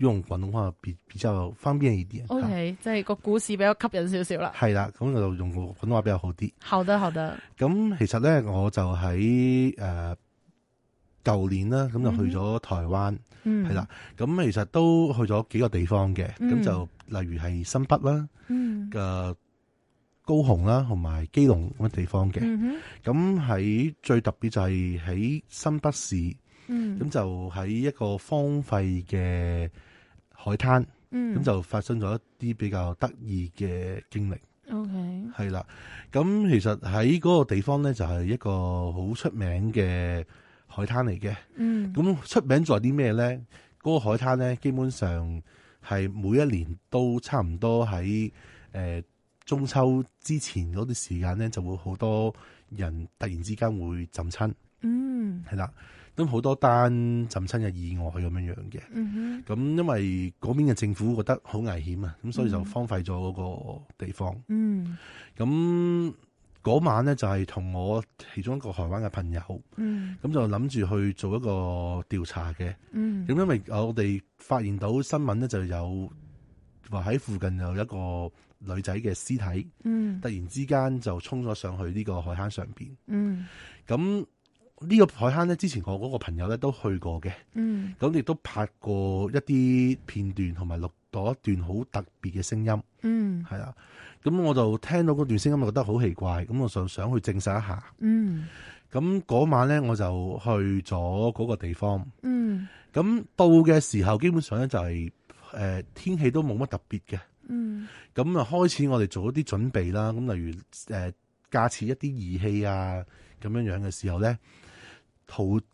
用廣東話比比較方便一啲。O Okay , K，啊、即係個故事比較吸引少少啦。係啦，咁就用個廣東話比較好啲。好得，好得。咁其實咧，我就喺誒舊年啦，咁就去咗台灣。嗯，係啦。咁其實都去咗幾個地方嘅，咁、嗯、就例如係新北啦，嗯嘅、呃、高雄啦，同埋基隆嗰啲地方嘅。咁喺、嗯、哼最特別就係喺新北市，咁、嗯、就喺一個荒廢嘅海灘，咁就發生咗一啲比較得意嘅經歷。O K，係啦，咁其實喺嗰個地方咧，就係、是、一個好出名嘅海灘嚟嘅。嗯，咁出名在啲咩咧？嗰、那個海灘咧，基本上係每一年都差唔多喺誒、呃、中秋之前嗰段時間咧，就會好多人突然之間會浸親。嗯，係啦。咁好多單浸親嘅意外咁樣嘅，咁、嗯、哼因為嗰邊嘅政府覺得好危險啊，咁、嗯、所以就荒廢咗嗰個地方。嗯，咁嗰晚咧就係、是、同我其中一個台灣嘅朋友，咁、嗯、就諗住去做一個調查嘅。咁、嗯、因為我哋發現到新聞咧，就有話喺附近有一個女仔嘅屍體，嗯、突然之間就衝咗上去呢個海灘上面。嗯，咁。呢個海灘咧，之前我嗰個朋友咧都去過嘅，咁亦都拍過一啲片段，同埋錄到一段好特別嘅聲音，係啦、嗯。咁我就聽到嗰段聲音，覺得好奇怪，咁我就想去證實一下。咁嗰、嗯、晚咧，我就去咗嗰個地方。咁、嗯、到嘅時候，基本上咧就係、是、誒、呃、天氣都冇乜特別嘅。咁啊、嗯，就開始我哋做一啲準備啦。咁例如誒架設一啲儀器啊，咁樣樣嘅時候咧。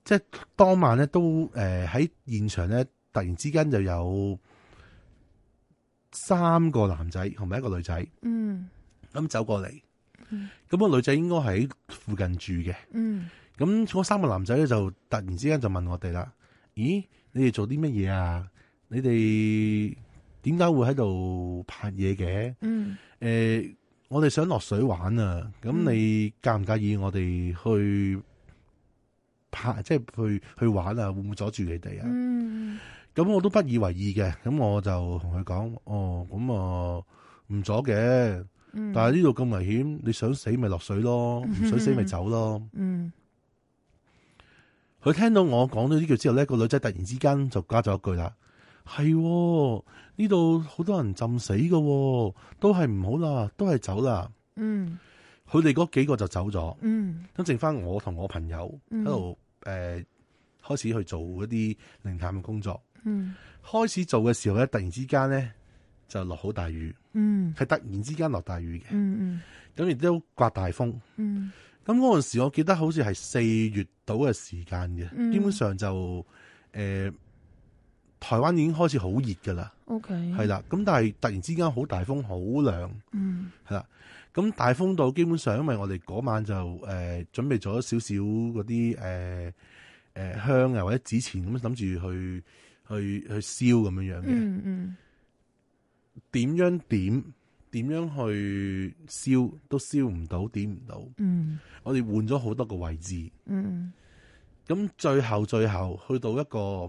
即係當晚咧，都誒喺現場咧，突然之間就有三個男仔同埋一個女仔。嗯，咁走過嚟，咁、嗯、個女仔應該喺附近住嘅。嗯，咁嗰三個男仔咧就突然之間就問我哋啦，咦，你哋做啲乜嘢啊？你哋點解會喺度拍嘢嘅？嗯，誒、呃，我哋想落水玩啊！咁、嗯、你介唔介意我哋去？啊、即係去去玩啊，會唔會阻住你哋啊？咁、嗯、我都不以為意嘅，咁我就同佢講：，哦，咁啊唔阻嘅。嗯、但係呢度咁危險，你想死咪落水咯，唔想死咪走咯。佢、嗯嗯、聽到我講咗呢句之後咧，個女仔突然之間就加咗一句啦：，係呢度好多人浸死噶、哦，都係唔好啦，都係走啦。嗯，佢哋嗰幾個就走咗。嗯，咁剩翻我同我朋友喺度。嗯誒、呃，開始去做一啲靈探嘅工作。嗯，開始做嘅時候咧，突然之間咧就落好大雨。嗯，係突然之間落大雨嘅。嗯嗯，咁亦都颳大風。嗯，咁嗰陣時我記得好似係四月度嘅時間嘅，嗯、基本上就誒、呃、台灣已經開始好熱噶啦。OK。係啦，咁但係突然之間好大風，好涼。嗯，係啦。咁大風度基本上，因為我哋嗰晚就誒、呃、準備咗少少嗰啲誒香啊或者紙錢，咁諗住去去去燒咁樣樣嘅、嗯。嗯嗯。點樣點點樣去燒都燒唔到，點唔到。嗯。我哋換咗好多個位置。嗯，咁最後最後去到一個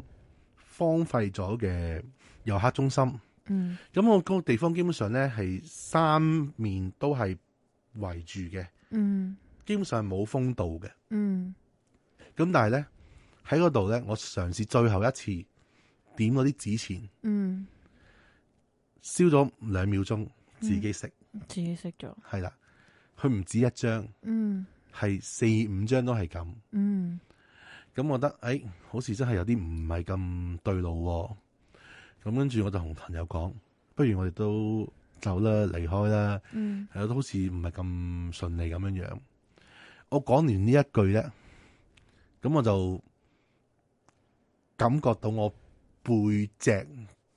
荒廢咗嘅遊客中心。嗯，咁我嗰個地方基本上咧係三面都係圍住嘅，嗯，基本上係冇風道嘅，嗯，咁但係咧喺嗰度咧，我嘗試最後一次點嗰啲紙錢，嗯，燒咗兩秒鐘自己食、嗯，自己食咗，係啦，佢唔止一張，嗯，係四五張都係咁，嗯，咁我覺得誒、哎，好似真係有啲唔係咁對路喎、啊。咁跟住我就同朋友講，不如我哋都走啦，離開啦，係、嗯、都好似唔係咁順利咁樣樣。我講完呢一句咧，咁我就感覺到我背脊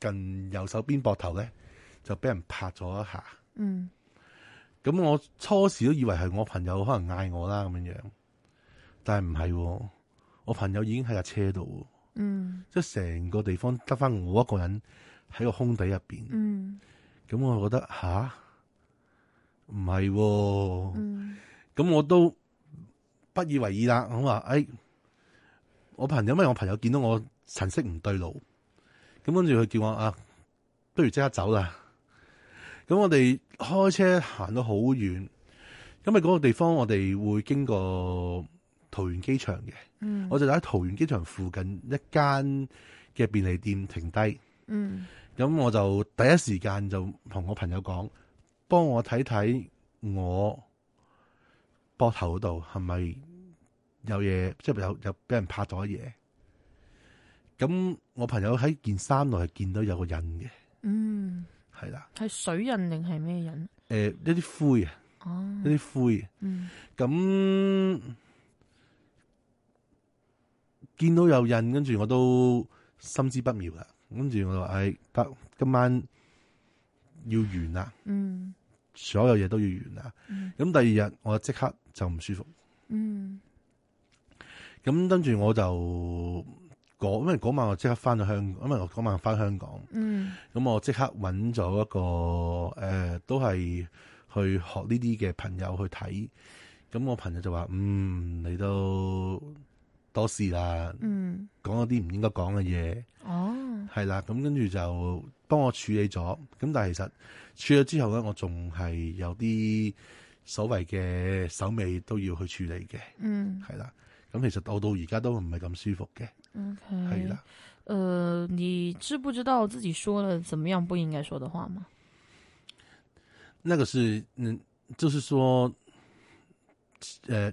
近右手邊膊頭咧，就俾人拍咗一下。咁、嗯、我初時都以為係我朋友可能嗌我啦咁樣樣，但係唔係喎，我朋友已經喺架車度。嗯，即係成個地方得返我一個人喺個空地入邊，咁、嗯、我覺得吓，唔係，咁、哦嗯、我都不以為意啦。我話誒，我朋友，因為我朋友見到我神色唔對路，咁跟住佢叫我啊，不如即刻走啦。咁我哋開車行到好遠，咁啊嗰個地方我哋會經過桃園機場嘅，嗯、我就喺桃園機場附近一間嘅便利店停低，咁、嗯、我就第一時間就同我朋友講，幫我睇睇我膊頭嗰度係咪有嘢，即係有有俾人拍咗嘢。咁我朋友喺件衫內係見到有個印嘅，嗯，係啦，係水印定係咩印？誒、呃，一啲灰啊，一啲灰，哦，嗯，咁。見到有印，跟住我都心知不妙啦。跟住我就話：「哎，「今今晚要完啦，嗯，所有嘢都要完啦。咁、嗯、第二日我即刻就唔舒服，嗯。咁跟住我就嗰，因為嗰晚我即刻翻到香港，因為我嗰晚翻香港，嗯。咁我即刻揾咗一個，誒、呃，都係去學呢啲嘅朋友去睇。咁我朋友就話：「嗯，你都。多事啦，講咗啲唔應該講嘅嘢，哦、啊，係啦，咁跟住就幫我處理咗，咁但係其實處理咗之後咧，我仲係有啲所謂嘅手尾都要去處理嘅，嗯，係啦，咁其實到到而家都唔係咁舒服嘅，係啦，誒，你知不知道自己說了怎麼樣不應該說的話嘛？那個是，嗯，就是說，誒、呃。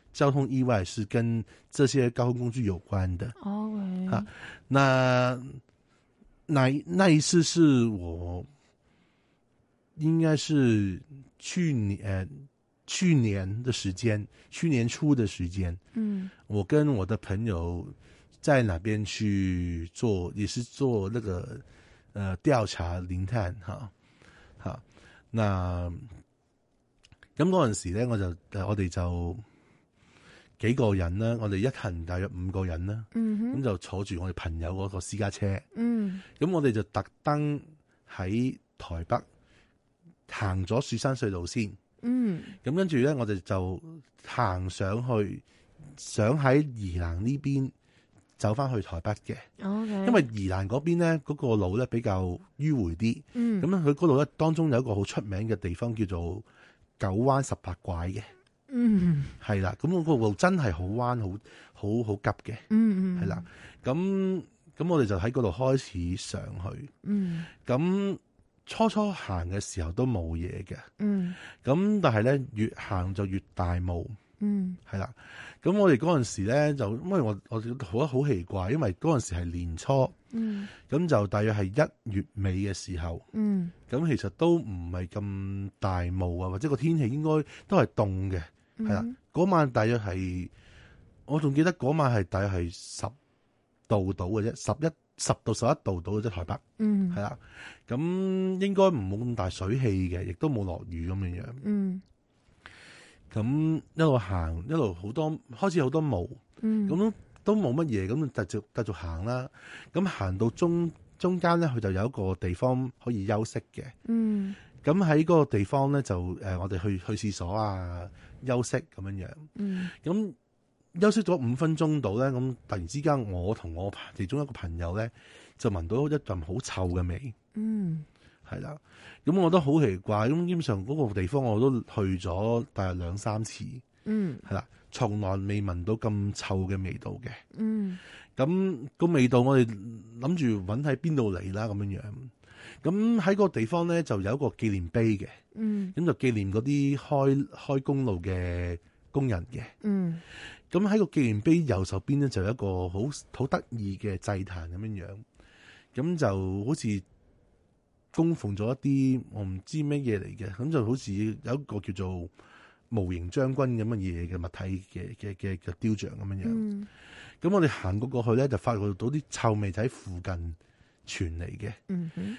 交通意外是跟這些交通工具有關的。哦、oh, 喂，那那那一次是我，應該是去年、欸、去年的時間，去年初的時間。嗯，我跟我的朋友在那邊去做，也是做那個呃調查零碳哈、哈，那，咁嗰陣時呢，我就我哋就。幾個人咧？我哋一行大約五個人啦，咁、mm hmm. 就坐住我哋朋友嗰個私家車。咁、mm hmm. 我哋就特登喺台北行咗雪山隧道先。咁、mm hmm. 跟住咧，我哋就行上去，想喺宜蘭呢邊走翻去台北嘅。Okay. 因為宜蘭嗰邊咧，嗰、嗰個路咧比較迂迴啲。咁佢嗰度咧，hmm. 嗯、當中有一個好出名嘅地方叫做九彎十八拐嘅。嗯，係啦、mm，咁、hmm. 個、那個路真係好彎，好好好急嘅。嗯嗯、mm，係、hmm. 啦，咁咁我哋就喺嗰度開始上去。嗯、mm，咁、hmm. 初初行嘅時候都冇嘢嘅。嗯、mm，咁、hmm. 但係咧越行就越大霧。嗯、mm，係、hmm. 啦，咁我哋嗰陣時咧就因為我我覺得好奇怪，因為嗰陣時係年初。嗯、mm，咁、hmm. 就大約係一月尾嘅時候。嗯、mm，咁、hmm. 其實都唔係咁大霧啊，或者個天氣應該都係凍嘅。係啦，嗰晚大約係，我仲記得嗰晚係大約係十度到嘅啫，十一十到十一度到嘅啫，台北。嗯，係啦，咁應該唔冇咁大水氣嘅，亦都冇落雨咁樣。嗯，咁一路行，一路好多開始好多霧。嗯，咁都冇乜嘢，咁就繼續繼續行啦。咁行到中中間咧，佢就有一個地方可以休息嘅。嗯。咁喺嗰個地方咧，就誒、呃、我哋去去廁所啊、休息咁樣樣。嗯。咁休息咗五分鐘度咧，咁突然之間，我同我其中一個朋友咧，就聞到一陣好臭嘅味。嗯。係啦。咁我都好奇怪，咁基本上嗰個地方我都去咗大約兩三次。嗯。係啦，從來未聞到咁臭嘅味道嘅。嗯。咁、個味道，我哋諗住搵喺邊度嚟啦，咁樣樣。咁喺個地方咧，就有一個紀念碑嘅，咁、嗯、就紀念嗰啲開開公路嘅工人嘅。咁喺、嗯、個紀念碑右手邊咧，就有一個好好得意嘅祭壇咁樣樣，咁就好似供奉咗一啲我唔知咩嘢嚟嘅，咁就好似有一個叫做模型將軍咁嘅嘢嘅物體嘅嘅嘅嘅雕像咁樣樣。咁、嗯、我哋行過過去咧，就發覺到啲臭味喺附近。傳嚟嘅，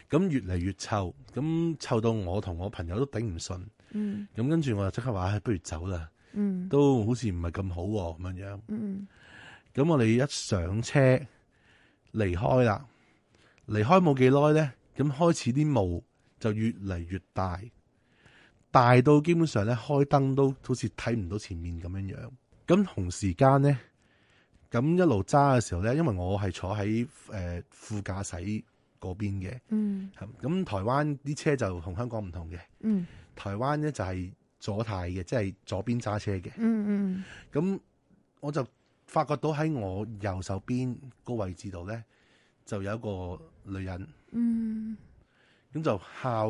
咁越嚟越臭，咁臭到我同我朋友都頂唔順，咁、嗯、跟住我就即刻話不如走啦，嗯、都好似唔係咁好咁、啊、樣樣，咁、嗯、我哋一上車離開啦，離開冇幾耐咧，咁開始啲霧就越嚟越大，大到基本上咧開燈都好似睇唔到前面咁樣樣，咁同時間咧。咁一路揸嘅時候咧，因為我係坐喺誒、呃、副駕駛嗰邊嘅，咁台灣啲車就同香港唔同嘅，台灣咧就係、嗯、左軚嘅，即、就、係、是、左邊揸車嘅。咁、嗯嗯、我就發覺到喺我右手邊個位置度咧，就有一個女人，咁、嗯、就靠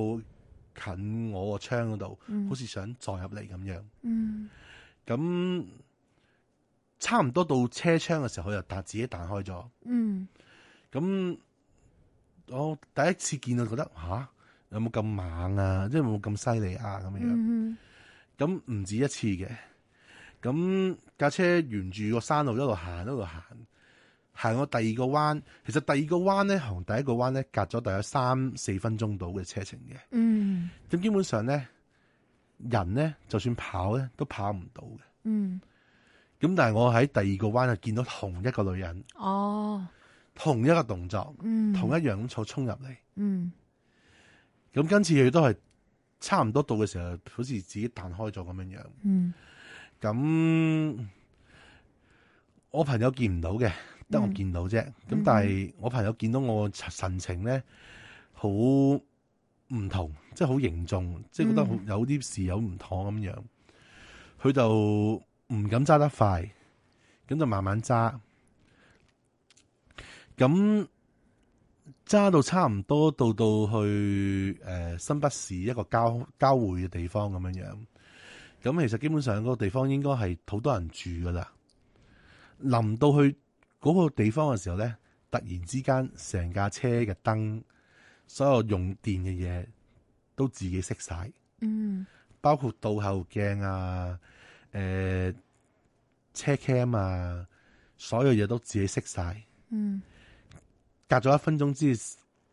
近我個窗嗰度，嗯、好似想坐入嚟咁樣。咁、嗯嗯嗯嗯差唔多到車窗嘅時候，佢又自己彈開咗。嗯，咁我第一次見到覺得吓、啊，有冇咁猛啊？即係有冇咁犀利啊？咁樣。嗯哼。咁唔止一次嘅，咁架車沿住個山路一路行，一路行，行到第二個彎。其實第二個彎咧同第一個彎咧隔咗大約三四分鐘到嘅車程嘅。嗯。咁基本上咧，人咧就算跑咧都跑唔到嘅。嗯。咁但係我喺第二個彎就見到同一個女人，哦，同一個動作，嗯，同一樣咁坐沖入嚟，嗯，咁今次佢都係差唔多到嘅時候，好似自己彈開咗咁樣樣，嗯，咁我朋友見唔到嘅，得我見到啫，咁、嗯、但係我朋友見到我神情咧好唔同，即係好凝重，即係、嗯、覺得好有啲事有唔妥咁樣，佢就。唔敢揸得快，咁就慢慢揸。咁揸到差唔多到到去、呃、新北市一個交交匯嘅地方咁樣樣。咁其實基本上嗰個地方應該係好多人住噶啦。臨到去嗰個地方嘅時候咧，突然之間成架車嘅燈，所有用電嘅嘢都自己熄晒，嗯，包括倒後鏡啊。誒，車 cam、呃、啊所有嘢都自己熄晒，嗯，隔咗一分鐘之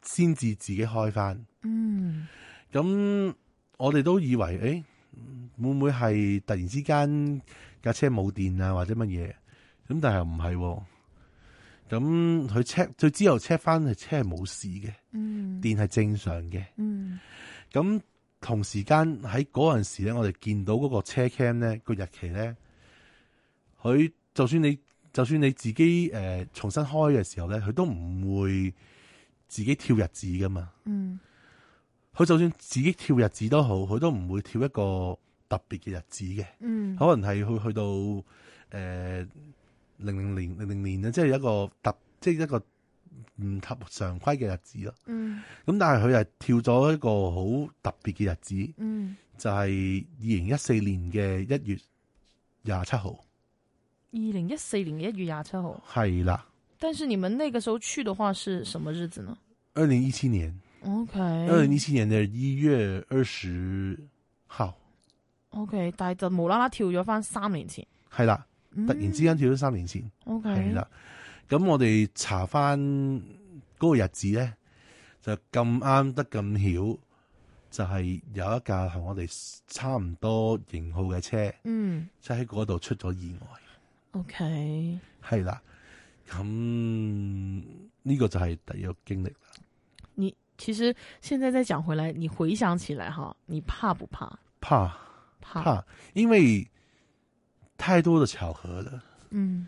先至自己開翻，嗯，咁我哋都以為誒、欸，會唔會係突然之間架車冇電啊或者乜嘢？咁但係又唔係，咁佢 check，佢之後 check 翻，車係冇事嘅，嗯，電係正常嘅，嗯，咁。同時間喺嗰陣時咧，我哋見到嗰個車 cam 咧，個日期咧，佢就算你就算你自己誒、呃、重新開嘅時候咧，佢都唔會自己跳日子㗎嘛。嗯。佢就算自己跳日子都好，佢都唔會跳一個特別嘅日子嘅。嗯。可能係去去到誒零零年零零年啊，即、就、係、是、一個特即係、就是、一個唔合常規嘅日子咯，咁、嗯、但係佢係跳咗一個好特別嘅日子，嗯、就係二零一四年嘅一月廿七號。二零一四年嘅一月廿七號，係啦。但是你們那個時候去的話是什麼日子呢？二零一七年。OK。二零一七年嘅一月二十號。OK，但係就無啦啦跳咗翻三年前。係啦，嗯、突然之間跳咗三年前。OK。係啦。咁我哋查翻嗰個日子咧，就咁啱得咁巧，就係、就是、有一架同我哋差唔多型號嘅車，嗯，即係喺嗰度出咗意外。OK，係啦，咁呢個就係第一個經歷啦。你其實現在再講回來，你回想起來哈，你怕不怕？怕怕，因為太多嘅巧合了。嗯。